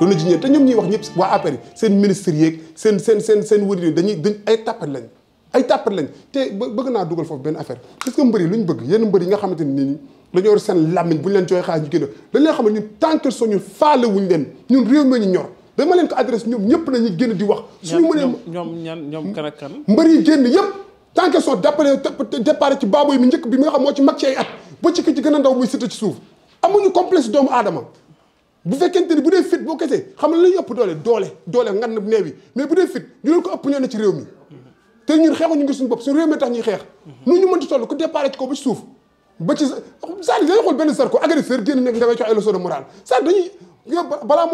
doona ji ñeen te ñoom ñuy wax ñëpp waa APR seen ministre yeeg seen seen seen seen wëri dañuy dañ ay tàppat lañ ay tàppat lañ te bëgg naa dugal foofu benn affaire parce que mbër yi lu mbër nga xamante ni nii dañoo yor seen làmmiñ bu ñu leen joxee xaalis ñu génn dañ leen xam ne ñun soo ñun leen ñun réew mi ñu ñor dama di wax ñoom ñan ñoom kan ak yi génn yëpp tant que son d'appelé départ ci baaboo yi mi njëkk bi mu nga xam moo ci mag ci ay at ba ci ki ci gën a ndaw muy sita ci suuf amuñu complexe doomu aadama bu fekkente ni bu dee fit boo kesee xam nga lañu ëpp doole doole doole ngan na neew yi mais bu dee fit ñu leen ko ëpp bopp suñu réew tax ñu mënti toll ku départ ci kaw ba ci suuf ba ci moo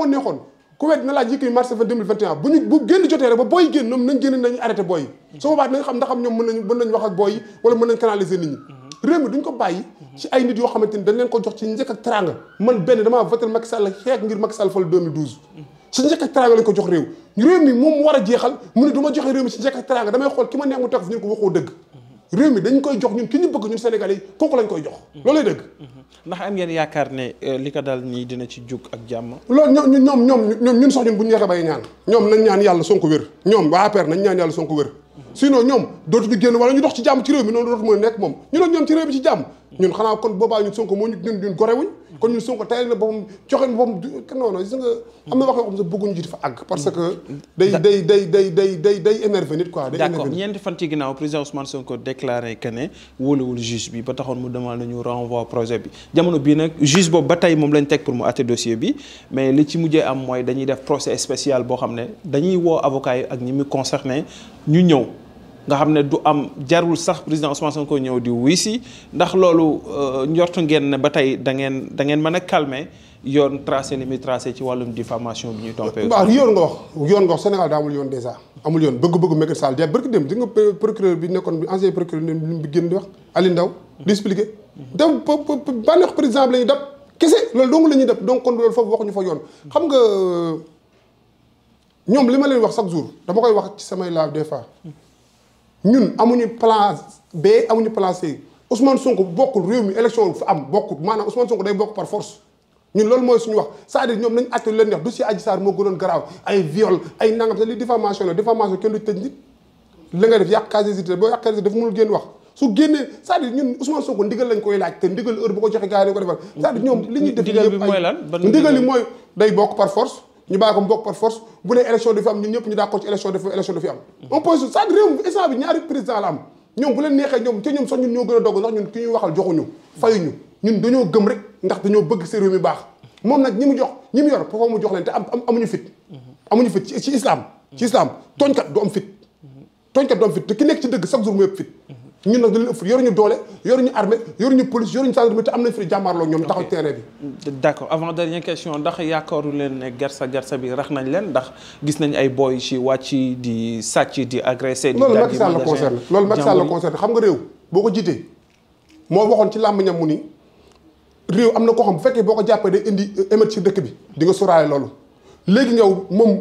neexoon ku wet na laaj Yékini mars 2021 bu ñu bu génn jotee rek ñoom nañ génn nañu arrêté booy yi su boobaa dinañ xam ndax xam ñoom mën nañ wax ak booy yi wala mën nañ canaliser nit ñi réew mi duñ ko bàyyi ci ay nit yoo xamante ni dañ leen ko jox ci njëkk ak teraanga man benn damaa voté Macky Sall xeex ngir Macky Sall fal 2012 ci njëkk ak teraanga lañ ko jox réew mi moom war a jeexal mu ne du ma joxe réew mi ci njëkk damay xool ki ma neex mu teg fi ñu ko dañ koy jox ñun ki ñu bëgg ñun Sénégalais yi kooku lañ koy jox loolay dëgg ndax am ngeen yaakaar ne euh, li ko daal nii dina ci jug ak jàmm loolu ñoom ñoom ñoom ñoom ñun sax ñun bu ñu yexe bay ñaan ñoom nañ ñaan yàlla Sonko wér ñoom waa APR nañ ñaan yàlla Sonko wér sinon ñoom dootuñu génn wala ñu dox ci jàmm ci réew mi noonu dootu mën a nekk moom ñu doon ñoom ci réew mi ci ñun xanaa kon boobaa ñun Sonko moo ñu ñun ñun gorewuñ kon ñun Sonko tayal na boppam joxe na boppam non non gis nga am na wax fa àgg parce que day day day day day day day énervé nit quoi d'accord ñeenti fan ci ginnaaw président Ousmane Sonko déclaré que ne wóoluwul juge bi ba taxoon mu demande nañu renvoi projet bi jamono bii nag juge boobu ba tey moom lañ teg pour mu àtte dossier bi mais li ci mujjee am mooy dañuy def procès spécial boo xam ne dañuy woo avocat yi ak ñi mu concerné ñu ñëw nga xam ne du am jarul sax président Ousmane Sonko ñëw di wuy si ndax loolu euh, njortu ngeen ne ba tey da ngeen da ngeen mën a calmer yoon tracé li muy tracé ci wàllum diffamation bi ñuy toppee. waaw yoon nga yoon nga wax Sénégal yoon dèjà amul yoon bëgg-bëgg Macky Sall de dem di nga bi nekkoon ancien procureur bi mu génn di wax Aliou Ndao di expliqué. dem bànneex président bi la ñuy dab kese loolu dong la ñuy dab donc kon loolu foofu waxuñu fa yoon xam nga euh, ñoom li ma leen wax chaque jour dama koy wax ci samay live des fois. ñun amuñu plan B amuñu plan C Ousmane Sonko bokkul réew mi élection fa am bokkul maanaam Ousmane Sonko day bokk par force ñun loolu mooy suñu wax cest à ñoom nañu àtte lu leen def yàq casier boo yàq casier dafa mënul génn wax su génnee c'est-à-dire ñun Ousmane Sonko ndigal lañ koy laaj te ndigal heure bu ko joxe gars yi ko defal cest à ñoom li ñuy def ndigal yi mooy day bokk par force ñu bàyyi ko mu bokk par force bu ne élection du fi am ñun ñëpp ñu d'accord ci élection dafa élection du fi am opposition ça réew instant bi ñaari bu leen neexee ñoom ca ñoom sax ñun ñoo a dogg ñun ki ñuy waxal joxuñu fayuñu ñun dañoo gëm rek ndax dañoo bëgg sa réew mi baax moom nag ñi mu jox ñi mu yor foofa mu jox leen te am amuñu fit amuñu fit ci islam ci islam tooñkat du am fit tooñkat du am fit te ki nekk ci dëgg chaque jour mu yëpp fit ñun nag dañu ëpp yoruñu doole yoruñu armée yoruñu police yoruñu gendarmerie te am na fi jàmmaarloo ñoom taxaw terrain bi d' accord avant dernière question ndax yaakaaru leen ne gersa gersa bi rax nañ leen ndax gis nañ ay boy ci di sàcc di agressé loolu Macky Sall la concerne loolu Macky Sall la concerne xam nga réew boo ko jiitee moo waxoon ci làmmiñam mu ni réew am na koo xam bu fekkee boo ko jàppee indi euh, émeute ci dëkk bi di nga sóoraale loolu léegi yow moom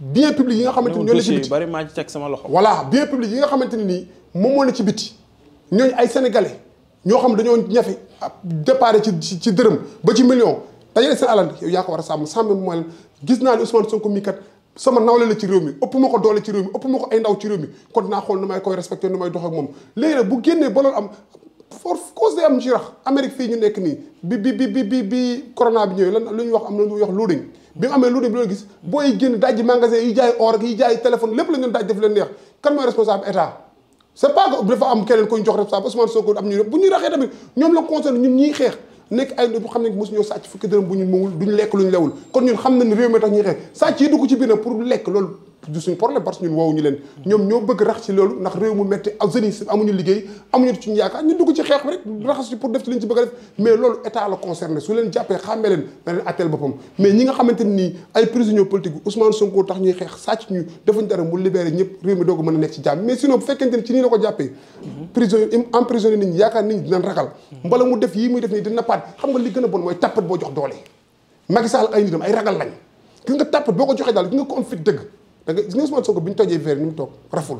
bien public yi nga xamante ni ñoo ne ci biti bari maa ci teg sama loxo voilà bien yi nga xamante ni moom moo ne ci biti ñooñu ay sénégalais ñoo xam dañoo ñafe départ ci ci dërëm ba ci million dajale seen alal yow yaa ko war a sàmm sàmm mooy lan gis naa ne Ousmane Sonko mi la ci réew mi ëpp ma ko doole ci ëpp ma ko ay ndaw ci réew mi kon naa xool nu may koy may dox ak moom léegi nag am for cause day am ci fii ñu nekk nii bi bi bi bi bi bi ñëwee lu ñuy wax loading bi mu amee loading bi loolu gis booy génn dajji magasin yi jaay or ak yi jaay téléphone lépp la ñu daaj def leen neex kan mooy responsable état c'est pas dafa am keneen koñ jox rek saa ba Ousmane Sonko am ñu bu ñuy raxee tamit ñoom la concerne ñun ñuy xeex nekk ay bu xam ne mosu ñoo sàcc fukki dërëm bu ñu moomul duñ lekk luñ lewul kon ñun xam nañ réew mi tax ñuy xeex sàcc yi dugg ci biir nag pour lekk loolu du suñu problème parce ñoo bëgg rax ci loolu ndax réew mu metti ak jeunes yi amuñu a def mais loolu état ni xeex sàcc ñu defuñ dara mu libéré ñëpp réew mi doogu mën a nekk ci jàmm mais sinon bu fekkente ni ci nii la ko jàppee prison emprisonné nit yaakaar nit ñi dinañ ragal mbala mu def yi muy def nii dina paat xam nga li gën a bon mooy tàppat boo jox doole Macky Sall ay nitam ay ragal lañ ki nga tàppat boo ko joxee daal ki nga ko am fit dëgg da nga gis nga Ousmane Sonko bi ñu tojee verre ni mu toog raful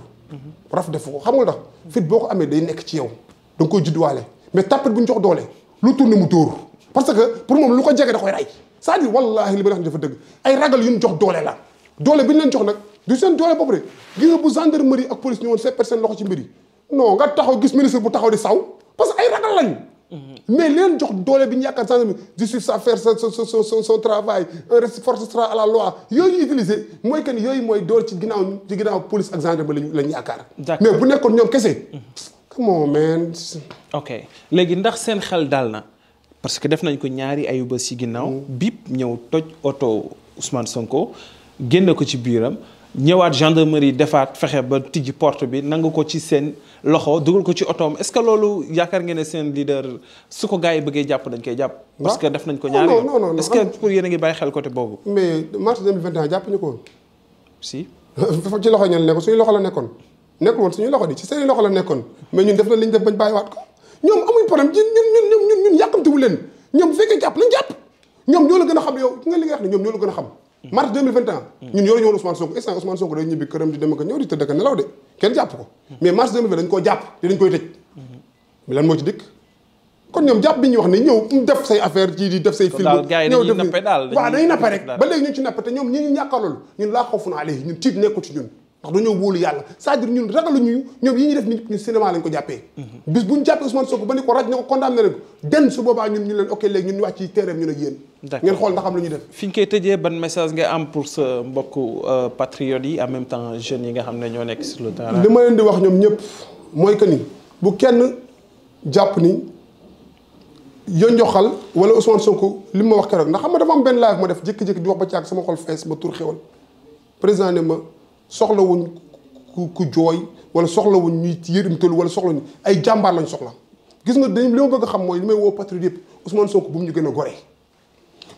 raf defu ko xamul ndax fit boo ko amee day nekk ci yow da nga koy judduwaale mais tàppit bu ñu jox doole lu tourné mu dóor parce que pour moom lu ko jege da koy rey cest à wallaahi li ma wax dafa dëgg ay ragal yu ñu jox doole la doole bi ñu leen jox nag du seen doole boobu rek gis nga bu gendarmerie ak police ñëwoon ces personnes loxo ci mbir yi nga taxaw gis ministre bu taxaw di saw parce que ay mais leen jox doole bi ñu yaakaar sànq bi justice à faire son son son son travail un reste force yooyu ñu mooy que ni yooyu mooy doole ci ginnaaw ci ginnaaw police ak gendarmerie lañ lañ yaakaar. mais bu nekkoon ñoom kese. Mhm. come on man. ok léegi ndax seen xel daal na parce que def nañ ko ñaari ayubés ci ginnaaw. Mhm. bip ñëw toj oto Ousmane Sonko génn ko ci biiram. ñëwaat gendarmerie defaat fexe ba tijji port bi nangu ko ci seen loxo dugal ko ci otoom est-ce que loolu yaakaar ngeen ne seen leader su ko gars yi bëggee jàpp dañ koy jàpp. parce que def nañ ko ñaari ah, yoon non non non est-ce que pour yéen a ngi bàyyi xel côté boobu. mais mars la nekkoon nekkul woon suñu loxo di ci seen loxo la nekkoon mais ñun def na ñu def bañ bàyyiwaat ko ñoom amuñ problème ci ñun ñun ñun ñun leen ñoom bu fekkee jàpp lañ jàpp ñoom ñoo la gën a xam yow ki nga li nga ñoom ñoo la gën a xam mars 2021 ñun yoruñu woon Ousmane Sonko instant Ousmane Sonko day ñibbi këram di dem ñëw di tëdd ak nelaw de kenn jàpp ko mais mars 2020 dañ koo jàpp dañ koy tëj mi lan moo dikk kon ñoom jàpp bi ñuy wax ne ñëw def say affaire ci di def say film ñëw def waaw dañuy nappe rek ba léegi ñu ci nappe te ñoom ñi ñu ñàkkaarlool ñun laa xawfun alayhi ñun tiit nekku ci ñun ndax dañoo wóolu yàlla saa à dire ñun ragalu ñu ñoom yi ñuy def ni ñu cinéma lañ ko jàppee mhm. bis buñ jàppee Ousmane Sonko ba ni ko raj na ko condamné rek den su boobaa ñun ñu leen ok léegi ñun ñu wàcc ci terrain ñu ak yéen ngeen xool ndax am lu def fi ñu koy tëjee ban message nga am pour sa mbokku euh, patriotes yi en même temps jeunes yi nga xam ne ñoo nekk si le terrain li ma leen di wax ñoom ñëpp mooy que ni bu kenn jàpp ni yonjoxal wala Ousmane Sonko li ma wax keroog ndax xam nga dafa benn live ma def jékki-jékki di wax ba caag sama xol fees ma soxla wuñ ku ku jooy wala soxlawuñ ñuy yërimtalu wala soxlawuñ ay jàmbaar lañ soxla gis nga dañ li ma bëgg xam mooy li may woo patriote yëpp Ousmane Sonko bu mu ñu gën a goree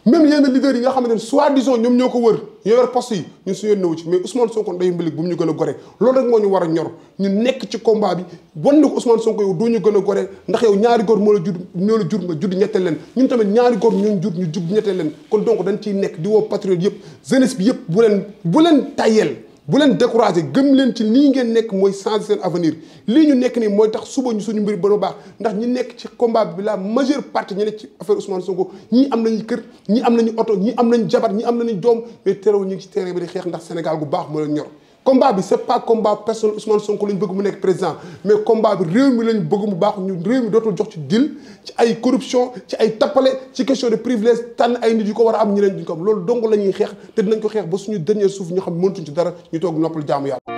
même yenn leaders yi nga xamante ne soi-disant ñoom ñoo ko wër ñoo yor poste yi ñun ci mais Ousmane Sonko ndeyu mbilig bu mu ñu gën a gore loolu rek moo ñu war a ñor ñu nekk ci combat bi wan na ko Ousmane Sonko yow doo ñu gën a gore ndax yow ñaari góor moo la jur ñoo la jur nga judd ñetteel leen ñun tamit ñaari góor ñoo jur ñu jug ñetteel leen kon donc dañ ciy nekk di woo patriote yëpp jeunesse bi yëpp bu leen bu leen tayel bu leen découragé gëm leen ci lii ngeen nekk mooy changer seen avenir lii ñu nekk nii mooy tax suba suñu mbir ba baax ndax ñi nekk ci combat bi la majeure partie ñu nekk ci affaire Ousmane Sonko ñii am nañu kër ñii am nañu oto ñii am nañu jabar ñii am nañu doom mais terewul ñu ngi ci terrain bi di xeex ndax Sénégal gu baax moo leen ñor combat bi c' est pas combat personne Ousmane Sonko lañ bëgg mu nekk président mais combat bi réew mi lañ bëgg mu baax ñu réew mi dootul jox ci deal ci ay corruption ci ay tappale ci question de privilège tànn ay nit yu ko war a am ñeneen duñ ko am loolu dong lañuy ñuy xeex te dinañ ko xeex ba suñu dernier suuf ñu xam mëntuñ ci dara ñu toog noppal jaamu yàlla.